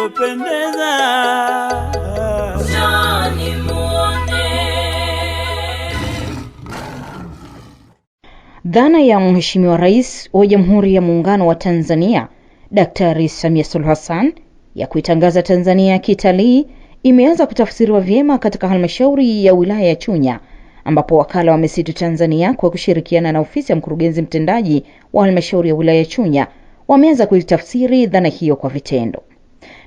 linalopendeza Dhana ya Mheshimiwa Rais wa Jamhuri ya Muungano wa Tanzania Daktari Samia Suluhu Hassan ya kuitangaza Tanzania kitalii imeanza kutafsiriwa vyema katika halmashauri ya wilaya ya Chunya ambapo wakala wa misitu Tanzania kwa kushirikiana na ofisi ya mkurugenzi mtendaji wa halmashauri ya wilaya ya Chunya wameanza kuitafsiri dhana hiyo kwa vitendo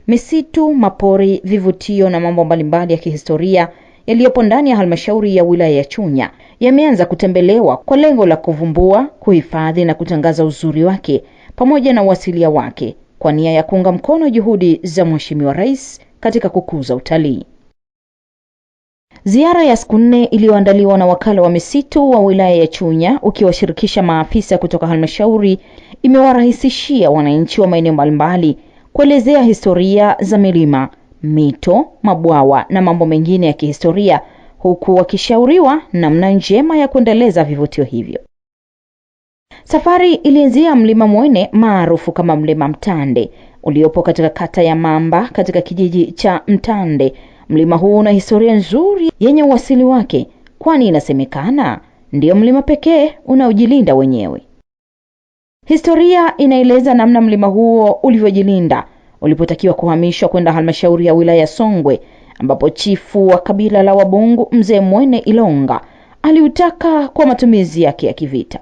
misitu, mapori, vivutio na mambo mbalimbali ya kihistoria yaliyopo ndani ya halmashauri ya wilaya ya Chunya yameanza kutembelewa kwa lengo la kuvumbua, kuhifadhi na kutangaza uzuri wake pamoja na uasilia wake kwa nia ya kuunga mkono juhudi za Mheshimiwa Rais katika kukuza utalii. Ziara ya siku nne iliyoandaliwa na wakala wa misitu wa wilaya ya Chunya ukiwashirikisha maafisa kutoka halmashauri imewarahisishia wananchi wa maeneo mbalimbali kuelezea historia za milima, mito, mabwawa na mambo mengine ya kihistoria huku wakishauriwa namna njema ya kuendeleza vivutio hivyo. Safari ilianzia mlima Mwene maarufu kama mlima Mtande uliopo katika kata ya Mamba katika kijiji cha Mtande. Mlima huu una historia nzuri yenye uasili wake, kwani inasemekana ndiyo mlima pekee unaojilinda wenyewe. Historia inaeleza namna mlima huo ulivyojilinda ulipotakiwa kuhamishwa kwenda halmashauri ya wilaya ya Songwe ambapo chifu wa kabila la Wabungu mzee Mwene Ilonga aliutaka kwa matumizi yake ya kivita.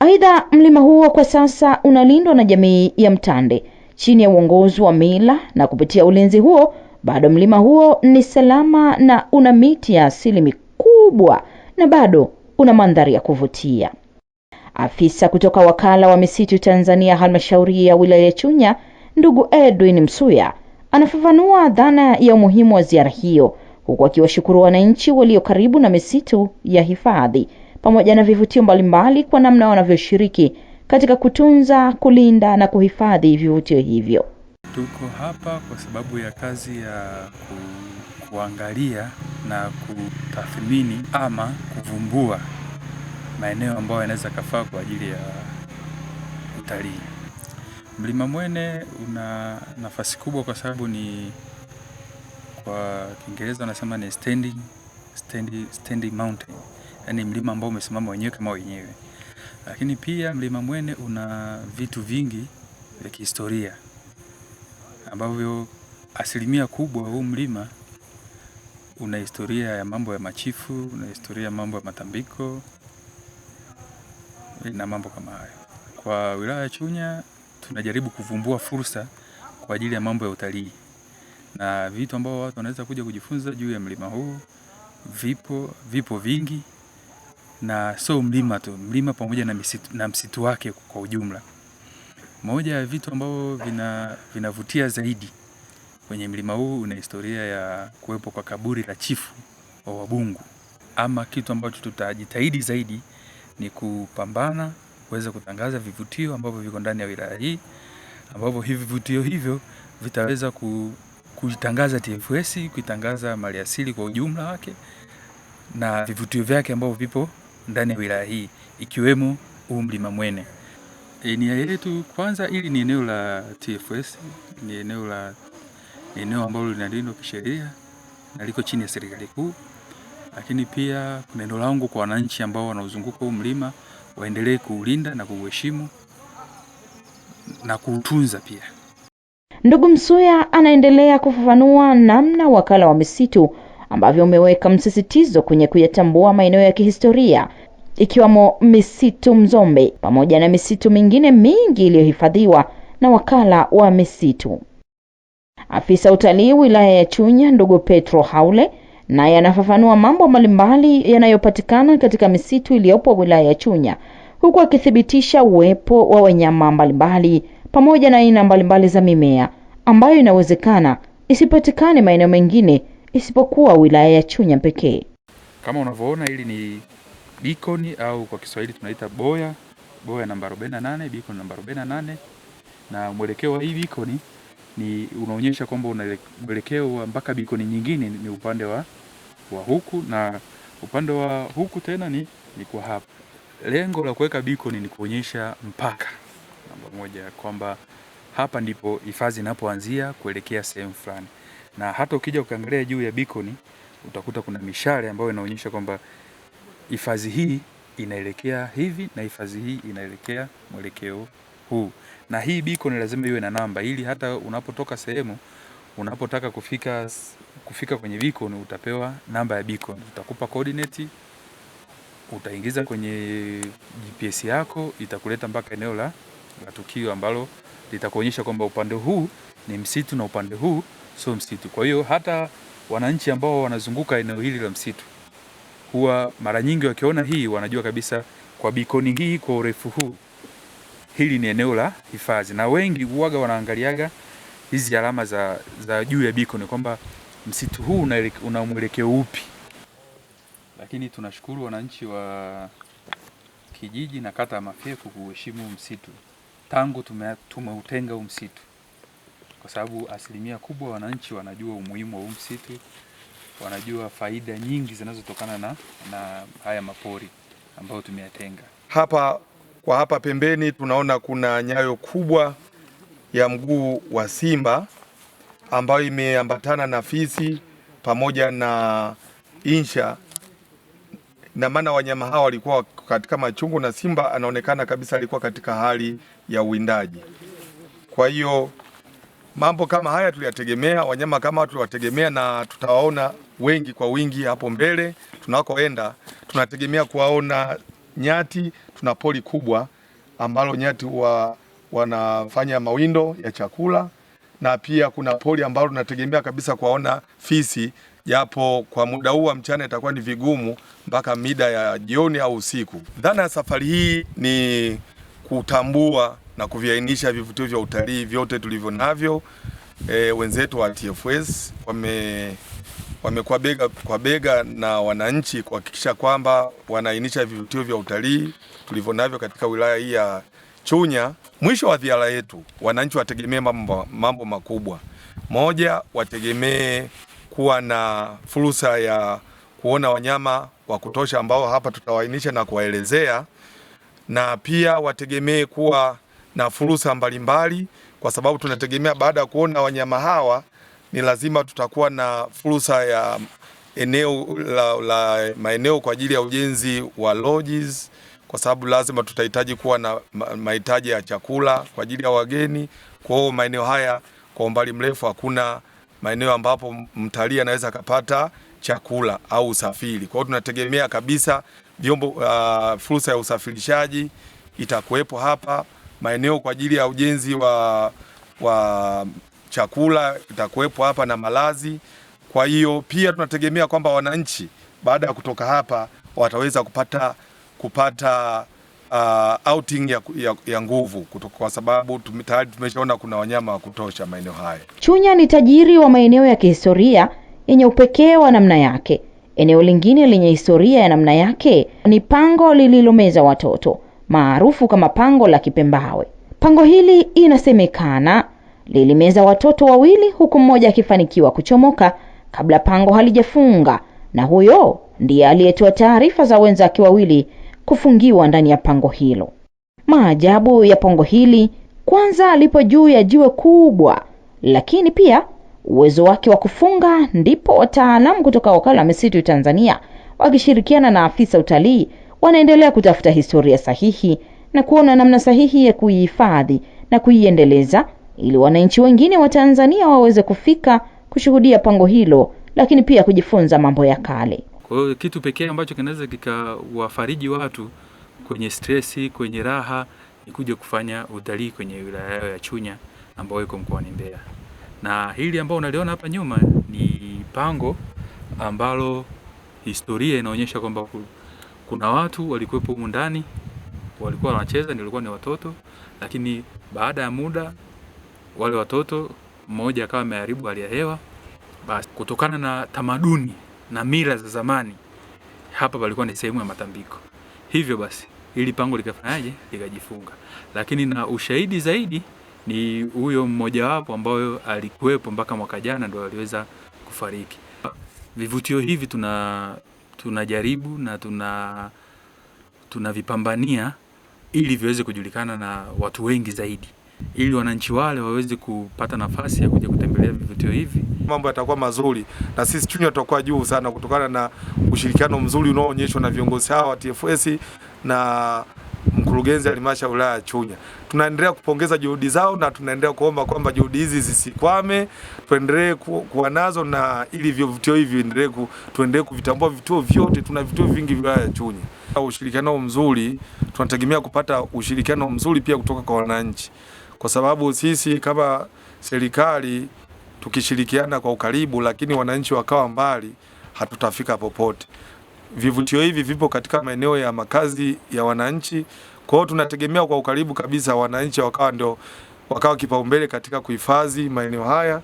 Aidha, mlima huo kwa sasa unalindwa na jamii ya Mtande chini ya uongozi wa mila, na kupitia ulinzi huo bado mlima huo ni salama na una miti ya asili mikubwa na bado una mandhari ya kuvutia. Afisa kutoka wakala wa misitu Tanzania halmashauri ya wilaya ya Chunya, ndugu Edwin Msuya anafafanua dhana ya umuhimu wa ziara hiyo, huku akiwashukuru wananchi walio karibu na misitu ya hifadhi pamoja na vivutio mbalimbali kwa namna wanavyoshiriki katika kutunza, kulinda na kuhifadhi vivutio hivyo. Tuko hapa kwa sababu ya kazi ya ku, kuangalia na kutathmini ama kuvumbua maeneo ambayo yanaweza kafaa kwa ajili ya utalii. Mlima Mwene una nafasi kubwa kwa sababu ni kwa Kiingereza wanasema ni standing, standing, standing mountain, yaani mlima ambao umesimama wenyewe kama wenyewe. Lakini pia Mlima Mwene una vitu vingi vya kihistoria ambavyo asilimia kubwa huu mlima una historia ya mambo ya machifu, una historia ya mambo ya matambiko, na mambo kama hayo. Kwa wilaya ya Chunya tunajaribu kuvumbua fursa kwa ajili ya mambo ya utalii na vitu ambavyo watu wanaweza kuja kujifunza juu ya mlima huu vipo, vipo vingi na sio mlima tu, mlima pamoja na msitu, na msitu wake kwa ujumla. Moja ya vitu ambavyo vina, vinavutia zaidi kwenye mlima huu una historia ya kuwepo kwa kaburi la chifu wa Wabungu, ama kitu ambacho tutajitahidi zaidi ni kupambana kuweza kutangaza vivutio ambavyo viko ndani ya wilaya hii ambavyo hivi vivutio hivyo vitaweza ku, kuitangaza TFS, kuitangaza maliasili kwa ujumla wake na vivutio vyake ambavyo vipo ndani ya wilaya hii ikiwemo huu mlima Mwene. E, nia yetu kwanza, ili ni eneo la TFS, ni eneo la eneo ambalo linalindwa kisheria na liko chini ya serikali kuu lakini pia neno langu kwa wananchi ambao wanaozunguka huu mlima waendelee kuulinda na kuuheshimu na kuutunza pia. Ndugu Msuya anaendelea kufafanua namna wakala wa misitu ambavyo umeweka msisitizo kwenye kuyatambua maeneo ya kihistoria ikiwamo misitu Mzombe pamoja na misitu mingine mingi iliyohifadhiwa na wakala wa misitu. Afisa utalii wilaya ya Chunya, ndugu Petro Haule na yanafafanua mambo mbalimbali yanayopatikana katika misitu iliyopo wilaya ya Chunya, huku akithibitisha uwepo wa wanyama mbalimbali pamoja na aina mbalimbali za mimea ambayo inawezekana isipatikane maeneo mengine isipokuwa wilaya ya Chunya pekee. Kama unavyoona, hili ni bikoni au kwa Kiswahili tunaita boya, boya namba 48, bikoni namba 48, na mwelekeo wa hii bikoni ni unaonyesha kwamba una mwelekeo mpaka bikoni nyingine ni upande wa kwa huku na upande wa huku tena ni, ni kwa hapa. Lengo la kuweka beacon ni kuonyesha mpaka namba moja kwamba hapa ndipo hifadhi inapoanzia kuelekea sehemu fulani, na hata ukija ukiangalia juu ya beacon utakuta kuna mishale ambayo inaonyesha kwamba hifadhi hii inaelekea hivi na hifadhi hii inaelekea mwelekeo huu, na hii beacon lazima iwe na namba ili hata unapotoka sehemu unapotaka kufika, kufika kwenye beacon utapewa namba ya beacon, utakupa coordinate, utaingiza kwenye GPS yako itakuleta mpaka eneo la tukio ambalo litakuonyesha kwamba upande huu ni msitu na upande huu sio msitu. Kwa hiyo hata wananchi ambao wanazunguka eneo hili la msitu huwa mara nyingi wakiona hii wanajua kabisa kwa bikoni hii kwa urefu huu hili ni eneo la hifadhi, na wengi huaga wanaangaliaga hizi alama za, za juu ya Biko ni kwamba msitu huu una mwelekeo upi, lakini tunashukuru wananchi wa kijiji na kata ya Mafyeku kuheshimu msitu tangu tumeutenga huu msitu, kwa sababu asilimia kubwa wananchi wanajua umuhimu wa huu msitu, wanajua faida nyingi zinazotokana na, na haya mapori ambayo tumeyatenga hapa. Kwa hapa pembeni tunaona kuna nyayo kubwa ya mguu wa simba ambayo imeambatana na fisi pamoja na insha na maana wanyama hawa walikuwa katika machungu na simba anaonekana kabisa alikuwa katika hali ya uwindaji. Kwa hiyo mambo kama haya tuliyategemea, wanyama kama hao tuliwategemea, na tutawaona wengi kwa wingi hapo mbele tunakoenda. Tunategemea kuwaona nyati, tuna pori kubwa ambalo nyati wa wanafanya mawindo ya chakula na pia kuna pori ambalo tunategemea kabisa kuwaona fisi, japo kwa muda huu wa mchana itakuwa ni vigumu mpaka mida ya jioni au usiku. Dhana ya safari hii ni kutambua na kuviainisha vivutio vya utalii vyote tulivyo navyo. E, wenzetu wa TFS wame wamekuwa bega kwa bega na wananchi kuhakikisha kwamba wanaainisha vivutio vya utalii tulivyo navyo katika wilaya hii ya Chunya, mwisho wa ziara yetu, wananchi wategemee mambo, mambo makubwa. Moja, wategemee kuwa na fursa ya kuona wanyama wa kutosha ambao hapa tutawainisha na kuwaelezea, na pia wategemee kuwa na fursa mbalimbali, kwa sababu tunategemea baada ya kuona wanyama hawa ni lazima tutakuwa na fursa ya eneo la, la maeneo kwa ajili ya ujenzi wa lodges kwa sababu lazima tutahitaji kuwa na mahitaji ya chakula kwa ajili ya wageni. Kwa hiyo maeneo haya kwa umbali mrefu hakuna maeneo ambapo mtalii anaweza akapata chakula au usafiri. Kwa hiyo tunategemea kabisa vyombo uh, fursa ya usafirishaji itakuwepo hapa, maeneo kwa ajili ya ujenzi wa, wa chakula itakuwepo hapa na malazi. Kwa hiyo pia tunategemea kwamba wananchi baada ya kutoka hapa wataweza kupata kupata uh, outing ya, ya, ya nguvu kwa sababu tayari tumeshaona kuna wanyama wa kutosha maeneo haya. Chunya ni tajiri wa maeneo ya kihistoria yenye upekee wa namna yake. Eneo lingine lenye historia ya namna yake ni pango lililomeza watoto maarufu kama pango la Kipembawe. Pango hili inasemekana lilimeza watoto wawili huku mmoja akifanikiwa kuchomoka kabla pango halijafunga, na huyo ndiye aliyetoa taarifa za wenzake wawili kufungiwa ndani ya pango hilo. Maajabu ya pango hili kwanza lipo juu ya jiwe kubwa, lakini pia uwezo wake wa kufunga, ndipo wataalamu kutoka wakala wa misitu Tanzania wakishirikiana na afisa utalii wanaendelea kutafuta historia sahihi na kuona namna sahihi ya kuihifadhi na kuiendeleza ili wananchi wengine wa Tanzania waweze kufika kushuhudia pango hilo, lakini pia kujifunza mambo ya kale. Kwa hiyo kitu pekee ambacho kinaweza kikawafariji watu kwenye stresi, kwenye raha ni kuja kufanya utalii kwenye wilaya yao ya Chunya ambayo iko mkoani Mbeya. Na hili ambao unaliona hapa nyuma ni pango ambalo historia inaonyesha kwamba kuna watu walikuwepo humu ndani, walikuwa wanacheza, nilikuwa ni watoto, lakini baada ya muda wale watoto, mmoja akawa ameharibu hali ya hewa. Basi kutokana na tamaduni na mila za zamani, hapa palikuwa ni sehemu ya matambiko. Hivyo basi ili pango likafanyaje likajifunga, lakini na ushahidi zaidi ni huyo mmojawapo ambayo alikuwepo mpaka mwaka jana ndo aliweza kufariki. Vivutio hivi tuna tunajaribu na tuna tunavipambania ili viweze kujulikana na watu wengi zaidi, ili wananchi wale waweze kupata nafasi ya kuja kutembelea vivutio hivi mambo yatakuwa mazuri na sisi Chunya tutakuwa juu sana kutokana na ushirikiano mzuri unaoonyeshwa na viongozi hawa wa TFS na mkurugenzi halmashauri ya wilaya ya Chunya. Tunaendelea kupongeza juhudi zao na tunaendelea kuomba kwamba juhudi hizi zisikwame, tuendelee kuwa nazo na ili vivutio hivi endelee, tuendelee kuvitambua vituo vyote. Tuna vituo vingi wilaya ya Chunya. Ushirikiano mzuri, tunategemea kupata ushirikiano mzuri pia kutoka kwa wananchi, kwa sababu sisi kama serikali tukishirikiana kwa ukaribu, lakini wananchi wakawa mbali, hatutafika popote. Vivutio hivi vipo katika maeneo ya makazi ya wananchi, kwa hiyo tunategemea kwa ukaribu kabisa wananchi wakawa ndio wakawa kipaumbele katika kuhifadhi maeneo haya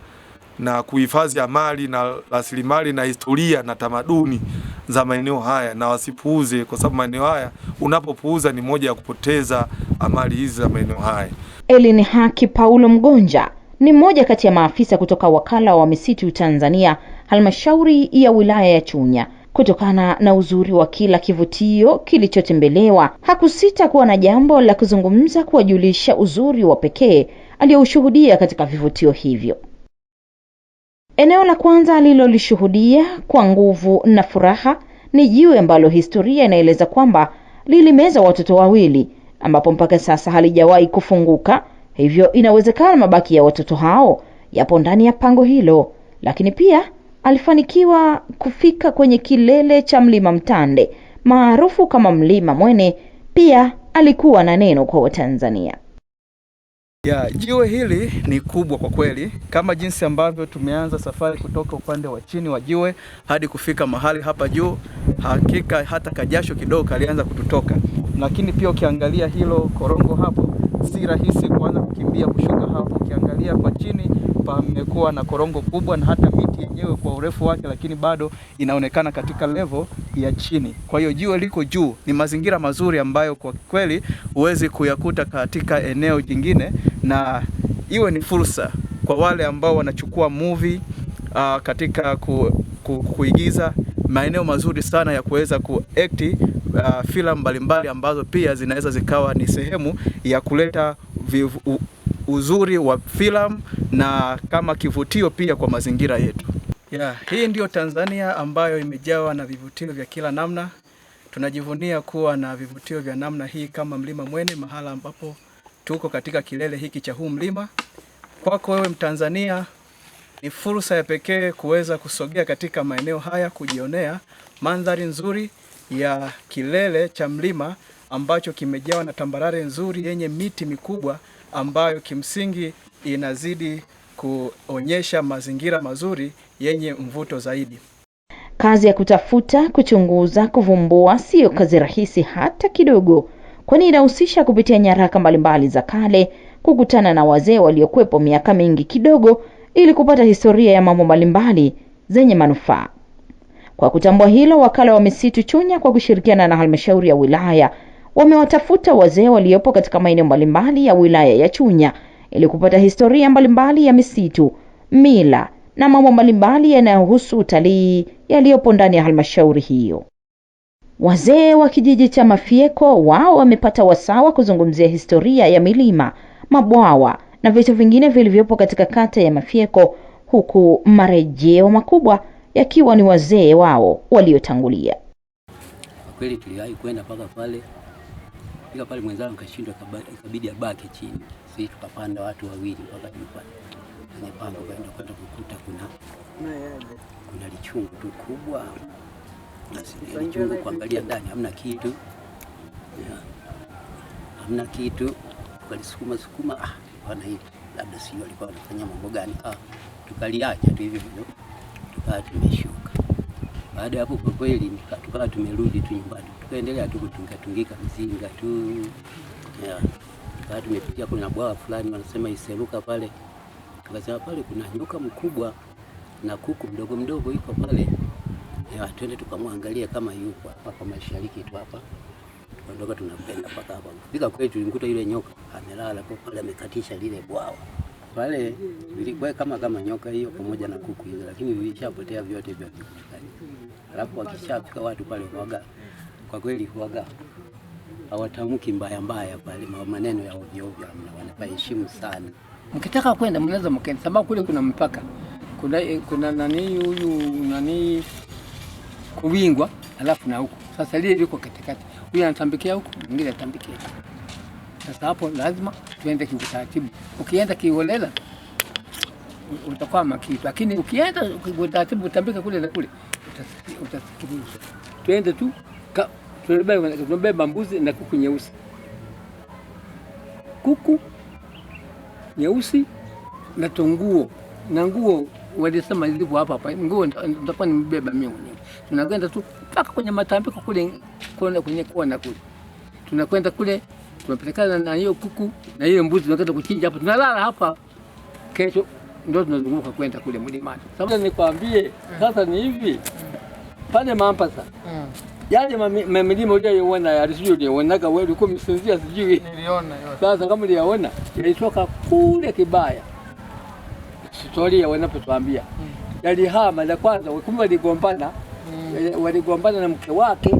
na kuhifadhi amali na rasilimali na historia na tamaduni za maeneo haya na wasipuuze, kwa sababu maeneo haya unapopuuza ni moja ya kupoteza amali hizi za maeneo haya. Elini Haki Paulo Mgonja ni mmoja kati ya maafisa kutoka wakala wa misitu Tanzania, halmashauri ya wilaya ya Chunya. Kutokana na uzuri wa kila kivutio kilichotembelewa, hakusita kuwa na jambo la kuzungumza kuwajulisha uzuri wa pekee aliyoushuhudia katika vivutio hivyo. Eneo la kwanza alilolishuhudia kwa nguvu na furaha ni jiwe ambalo historia inaeleza kwamba lilimeza watoto wawili, ambapo mpaka sasa halijawahi kufunguka hivyo inawezekana mabaki ya watoto hao yapo ndani ya pango hilo lakini pia alifanikiwa kufika kwenye kilele cha mlima mtande maarufu kama mlima mwene pia alikuwa na neno kwa watanzania ya jiwe hili ni kubwa kwa kweli, kama jinsi ambavyo tumeanza safari kutoka upande wa chini wa jiwe hadi kufika mahali hapa juu. Hakika hata kajasho kidogo kalianza kututoka, lakini pia ukiangalia hilo korongo hapo si rahisi kuanza kukimbia kushuka hapo. Ukiangalia kwa chini, pamekuwa na korongo kubwa na hata miti yenyewe kwa urefu wake, lakini bado inaonekana katika level ya chini. Kwa hiyo jua liko juu, ni mazingira mazuri ambayo kwa kweli huwezi kuyakuta katika eneo jingine, na iwe ni fursa kwa wale ambao wanachukua movie uh, katika ku, ku, kuigiza maeneo mazuri sana ya kuweza kuact uh, filamu mbalimbali ambazo pia zinaweza zikawa ni sehemu ya kuleta vivu, u, uzuri wa filamu na kama kivutio pia kwa mazingira yetu. Yeah, hii ndiyo Tanzania ambayo imejawa na vivutio vya kila namna. Tunajivunia kuwa na vivutio vya namna hii kama Mlima Mwene, mahala ambapo tuko katika kilele hiki cha huu mlima. Kwako wewe Mtanzania ni fursa ya pekee kuweza kusogea katika maeneo haya kujionea mandhari nzuri ya kilele cha mlima ambacho kimejawa na tambarare nzuri yenye miti mikubwa ambayo kimsingi inazidi kuonyesha mazingira mazuri yenye mvuto zaidi. Kazi ya kutafuta, kuchunguza, kuvumbua siyo kazi rahisi hata kidogo, kwani inahusisha kupitia nyaraka mbalimbali za kale, kukutana na wazee waliokuwepo miaka mingi kidogo ili kupata historia ya mambo mbalimbali zenye manufaa. Kwa kutambua hilo, wakala wa misitu Chunya kwa kushirikiana na halmashauri ya wilaya wamewatafuta wazee waliopo katika maeneo mbalimbali ya wilaya ya Chunya ili kupata historia mbalimbali ya misitu, mila na mambo mbalimbali yanayohusu utalii yaliyopo ndani ya halmashauri hiyo. Wazee wa kijiji cha Mafieko wao wamepata wasawa kuzungumzia historia ya milima, mabwawa na vitu vingine vilivyopo katika kata ya Mafyeko, huku marejeo makubwa yakiwa ni wazee wao waliotangulia. kweli tuliwahi kwenda mpaka pale fika pale, mwenzangu kashindwa, ikabidi abaki chini, sisi tukapanda watu wawili mpaka juu pale kwenye pango, kwenda kwenda kukuta kuna kuna lichungu tu kubwa, na lichungu kuangalia ndani hamna kitu, hamna kitu, ukalisukuma sukuma, sukuma. Ah hapana, hivi labda sijui alikuwa anafanya mambo gani. Ah, tukaliacha tu hivyo hivyo, tukawa tumeshuka. Baada ya hapo, kwa kweli tukawa tumerudi tu nyumbani, tukaendelea tu kutunga tungika mzinga tu ya Tukawa tumepitia kuna bwawa fulani wanasema iseruka pale, tukasema pale kuna nyoka mkubwa na kuku mdogo mdogo iko pale, twende tukamwangalia kama yupo hapa kwa mashariki tu hapa tukaondoka tunakwenda mpaka hapa. Fika kwetu tulimkuta yule nyoka amelala kwa pale, amekatisha lile bwawa pale Ilikuwa kama kama nyoka hiyo pamoja na kuku hizo, lakini vilishapotea vyote vya kupatikana. Alafu wakishafika watu pale huaga, kwa kweli huaga hawatamki mbaya mbaya pale, maneno ya ovyo ovyo wanapaheshimu sana. Mkitaka kwenda mnaweza mkenda, sababu kule kuna mpaka, kuna eh, kuna nani huyu nani kuwingwa, alafu na huko sasa lile liko katikati huyu anatambikia huku, mwingine anatambikia. Sasa hapo lazima tuende kiutaratibu. Ukienda kiholela utakuwa makini, lakini ukienda utaratibu utambike kule na kule utasikiliza. Tuende tu, tunabeba mbuzi na kuku nyeusi, kuku nyeusi na tunguo na nguo walisema zilivyo hapa hapa, nguo nitakuwa nimebeba mimi mwenyewe. Tunakwenda tu mpaka kwenye matambiko kule kwenda kwenye kunyekua na kule, tunakwenda kule tunapelekana na hiyo kuku na hiyo mbuzi, tunakata kuchinja hapa, tunalala hapa, kesho ndio tunazunguka kwenda kule mlimani. Sasa nikwambie, sasa ni hivi pale Mampasa hmm. yale milima uliyoiona ya sijui ulionaga wewe ulikuwa msinzia, sijui niliona yote. Sasa kama uliyaona yalitoka kule Kibaya, historia wanapotuambia hmm. yalihama la kwanza, kumbe waligombana, hmm. eh, waligombana na mke wake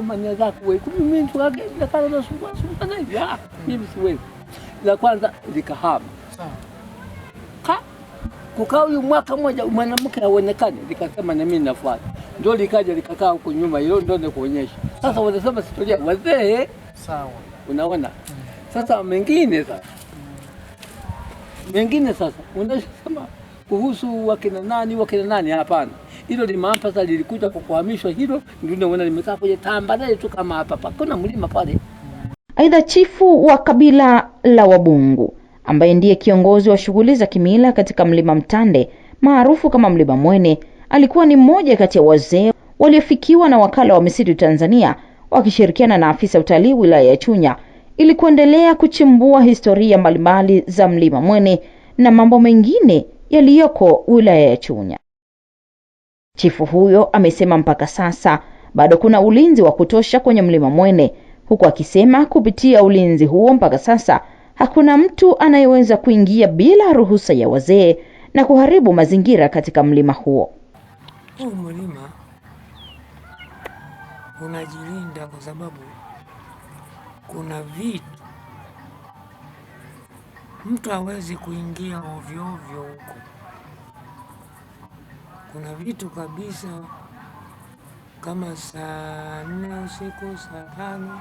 kumanya zako wewe. Kumbe mimi mtu wake na kana na sumbua sumbua na hivi. Ah, mimi siwezi. La kwanza nikahama. Sawa. Ka kukaa huyu mwaka mmoja mwanamke aonekane nikasema na mimi nafuata. Ndio likaja likakaa huko nyuma, hilo ndio nikuonyesha. Sasa wanasema sitolia wazee. Sawa. Unaona? Mm. Sasa mengine sasa. Mengine sasa unasema kuhusu wakina nani wakina nani, hapana hilo limampasa lilikuja kukuhamishwa, hilo ndio unaona limekaa kwenye tambalale tu kama hapa hapa, kuna mlima pale. Aidha, chifu wa kabila la Wabungu ambaye ndiye kiongozi wa shughuli za kimila katika mlima Mtande maarufu kama mlima Mwene alikuwa ni mmoja kati ya wazee waliofikiwa na wakala wa misitu Tanzania wakishirikiana na afisa utalii wilaya ya Chunya ili kuendelea kuchimbua historia mbalimbali za mlima Mwene na mambo mengine yaliyoko wilaya ya Chunya. Chifu huyo amesema mpaka sasa bado kuna ulinzi wa kutosha kwenye mlima Mwene, huku akisema kupitia ulinzi huo mpaka sasa hakuna mtu anayeweza kuingia bila ruhusa ya wazee na kuharibu mazingira katika mlima huo. Huu mlima unajilinda kwa sababu kuna vitu mtu hawezi kuingia ovyo ovyo huko. Kuna vitu kabisa kama saa nne usiku saa tano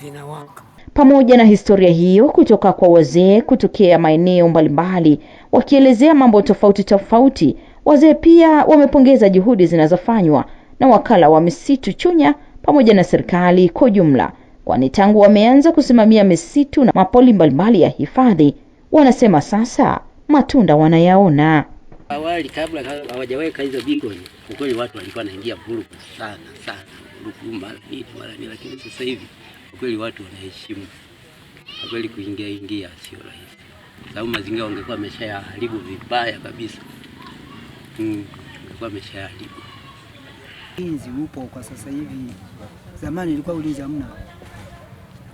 vinawaka. Pamoja na historia hiyo kutoka kwa wazee kutokea maeneo mbalimbali wakielezea mambo tofauti tofauti, wazee pia wamepongeza juhudi zinazofanywa na wakala wa misitu Chunya pamoja na serikali kwa ujumla, kwani tangu wameanza kusimamia misitu na mapoli mbalimbali ya hifadhi, wanasema sasa matunda wanayaona. Awali kabla hawajaweka hizo bigoni, ukweli watu walikuwa wanaingia vurugu sana sana, vurugu mara nini mara nini, lakini sasa hivi kweli watu wanaheshimu. Kwa kweli kuingia ingia sio rahisi, sababu mazingira ya ameshayaharibu vibaya kabisa, ungekuwa mm, ameshayaharibu. Ulinzi upo kwa sasa hivi, zamani ilikuwa ulinzi hamna.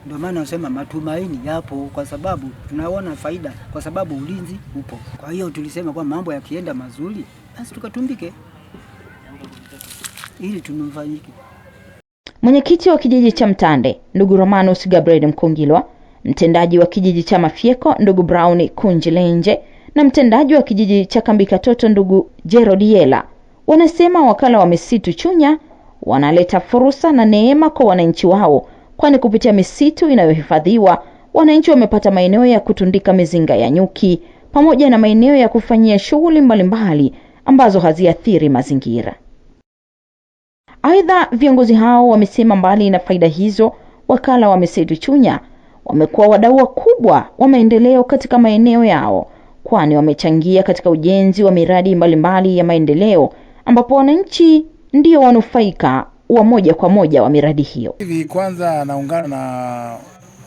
Ndio maana nasema matumaini yapo, kwa sababu tunaona faida, kwa sababu ulinzi upo. Kwa hiyo tulisema kwa mambo yakienda mazuri, basi tukatumbike ili tunufanyike. Mwenyekiti wa kijiji cha Mtande ndugu Romanus Gabriel Mkungilwa, mtendaji wa kijiji cha Mafyeko ndugu Brown Kunjilenje na mtendaji wa kijiji cha Kambikatoto ndugu Gerald Yela wanasema wakala wa misitu Chunya wanaleta fursa na neema kwa wananchi wao kwani kupitia misitu inayohifadhiwa wananchi wamepata maeneo ya kutundika mizinga ya nyuki pamoja na maeneo ya kufanyia shughuli mbalimbali ambazo haziathiri mazingira. Aidha, viongozi hao wamesema mbali na faida hizo, wakala wa misitu Chunya wamekuwa wadau wakubwa wa maendeleo katika maeneo yao, kwani wamechangia katika ujenzi wa miradi mbalimbali mbali ya maendeleo ambapo wananchi ndio wanufaika wa moja kwa moja wa miradi hiyo. Hivi kwanza anaungana na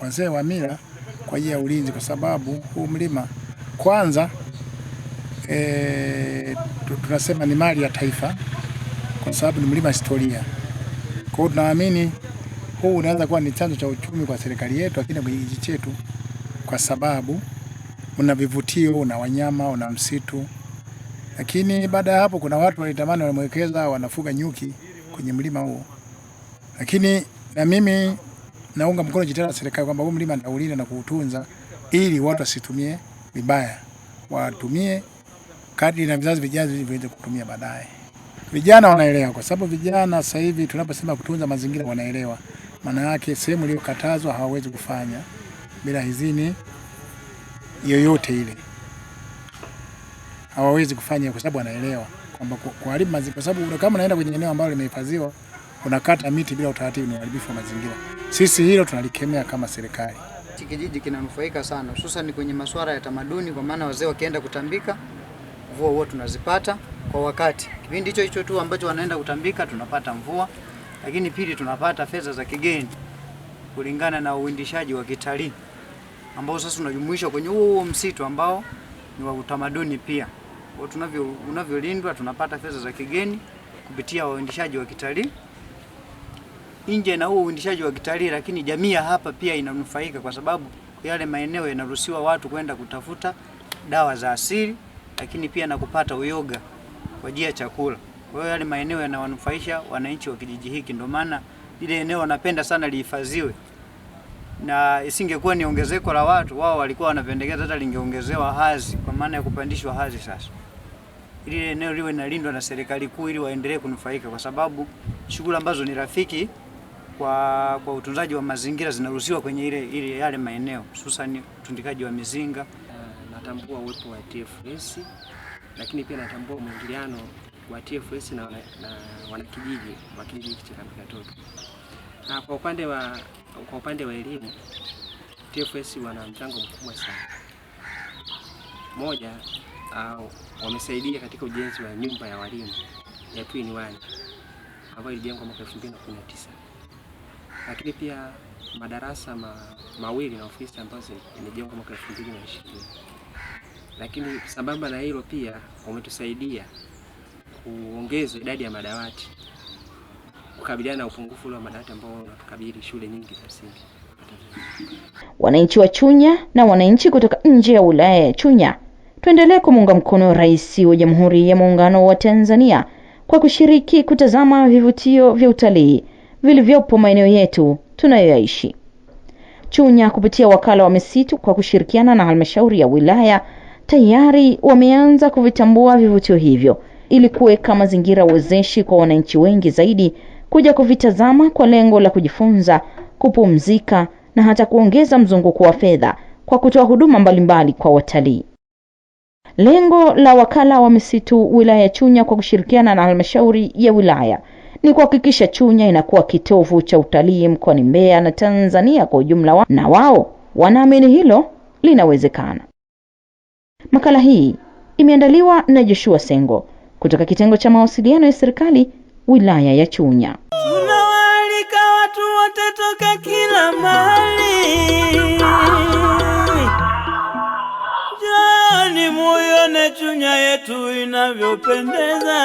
wazee wa mila kwa ajili ya ulinzi, kwa sababu huu mlima kwanza e, tunasema ni mali ya taifa, kwa sababu ni mlima historia. Kwa hiyo tunaamini huu unaweza kuwa ni chanzo cha uchumi kwa serikali yetu, lakini kwa kijiji chetu, kwa sababu una vivutio, una wanyama, una msitu. Lakini baada ya hapo, kuna watu walitamani, walimwekeza wanafuga nyuki kwenye mlima huo, lakini na mimi naunga mkono jitihada za serikali kwamba huu mlima naulinda na kuutunza ili watu wasitumie vibaya, watumie kadri na vizazi vijazo viweze kutumia baadaye. Vijana wanaelewa, kwa sababu vijana sasa hivi tunaposema kutunza mazingira wanaelewa maana yake. Sehemu iliyokatazwa hawawezi kufanya bila idhini yoyote ile, hawawezi kufanya kwa sababu wanaelewa kwamba kuharibu mazingira, kwa sababu kama unaenda kwenye eneo ambalo limehifadhiwa unakata miti bila utaratibu, ni uharibifu wa mazingira. Sisi hilo tunalikemea kama serikali. Kijiji kinanufaika sana, hususan kwenye masuala ya tamaduni, kwa maana wazee wakienda kutambika, mvua huo tunazipata kwa wakati. Kipindi hicho hicho tu ambacho wanaenda kutambika, tunapata mvua, lakini pili tunapata fedha za kigeni kulingana na uwindishaji wa kitalii ambao sasa unajumuishwa kwenye huo huo msitu ambao ni wa utamaduni pia tunavyo unavyolindwa, tunapata fedha za kigeni kupitia waendeshaji wa kitalii nje na huo uendeshaji wa kitalii, lakini jamii ya hapa pia inanufaika kwa sababu yale maeneo yanaruhusiwa watu kwenda kutafuta dawa za asili, lakini pia na kupata uyoga kwa ajili ya chakula. Kwa hiyo yale maeneo yanawanufaisha wananchi wa kijiji hiki, ndio maana ile eneo wanapenda sana lihifadhiwe, na isingekuwa ni ongezeko la watu, wao walikuwa wanapendekeza hata lingeongezewa hazi, kwa maana ya kupandishwa hazi sasa ili eneo liwe linalindwa na serikali kuu ili waendelee kunufaika, kwa sababu shughuli ambazo ni rafiki kwa, kwa utunzaji wa mazingira zinaruhusiwa kwenye ile ile yale maeneo hususan utundikaji wa mizinga. Uh, natambua uwepo wa TFS lakini pia natambua mwingiliano wa TFS na, na, na wanakijiji wa kijiji cha Kampikatoto. Na kwa upande wa kwa upande wa elimu TFS wana mchango mkubwa sana. Moja au wamesaidia katika ujenzi wa nyumba ya walimu ya Twin One ambayo ilijengwa mwaka 2019 lakini pia madarasa ma, mawili na ofisi ambazo imejengwa mwaka 2020 lakini sambamba na hilo pia wametusaidia kuongeza idadi ya madawati kukabiliana na upungufu wa madawati ambao unatukabili shule nyingi za msingi. Wananchi wa Chunya na wananchi kutoka nje ya wilaya ya Chunya tuendelee kumuunga mkono Rais wa Jamhuri ya Muungano wa Tanzania kwa kushiriki kutazama vivutio vya utalii vilivyopo maeneo yetu tunayoyaishi. Chunya kupitia wakala wa misitu kwa kushirikiana na halmashauri ya wilaya tayari wameanza kuvitambua vivutio hivyo ili kuweka mazingira wezeshi kwa wananchi wengi zaidi kuja kuvitazama kwa lengo la kujifunza, kupumzika na hata kuongeza mzunguko wa fedha kwa kutoa huduma mbalimbali kwa watalii. Lengo la wakala wa misitu wilaya ya Chunya kwa kushirikiana na halmashauri ya wilaya ni kuhakikisha Chunya inakuwa kitovu cha utalii mkoani Mbeya na Tanzania kwa ujumla wa, na wao wanaamini hilo linawezekana. Makala hii imeandaliwa na Joshua Sengo kutoka kitengo cha mawasiliano ya serikali wilaya ya Chunya. Tunawaalika watu wote toka kila mahali dunia yetu inavyopendeza,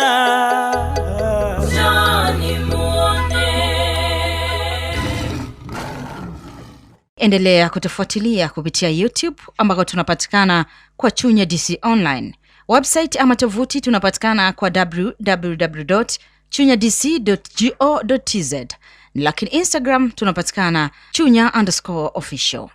Endelea kutufuatilia kupitia YouTube ambako tunapatikana kwa Chunya DC Online website ama tovuti, tunapatikana kwa www chunya dc go tz, lakini Instagram tunapatikana chunya underscore official.